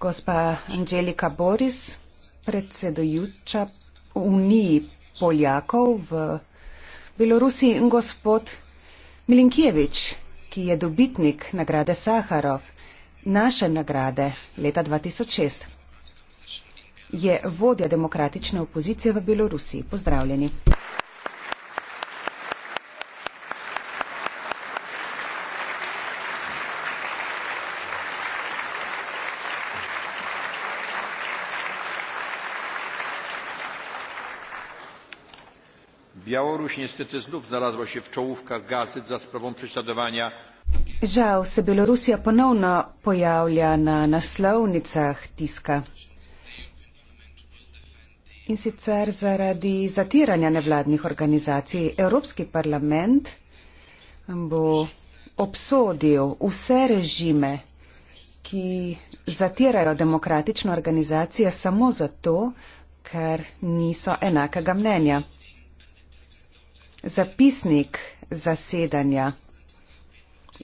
Gospa Angelika Boris, predsedujoča Uniji Poljakov v Belorusiji in gospod Milinkjevič, ki je dobitnik nagrade Saharov, naše nagrade leta 2006, je vodja demokratične opozicije v Belorusiji. Pozdravljeni. Białoruś niestety znów znalazła się w czołówkach gazet za sprawą prześladowania. Żał se Białorusia ponowno pojawia na naslownicach tiska. In sicer zaradi zatiranja nevladnih organizacij. Evropski parlament bo obsodil vse režime, ki zatirajo demokratične organizacije samo zato, ker niso enakega mnenja zapisnik zasedanja.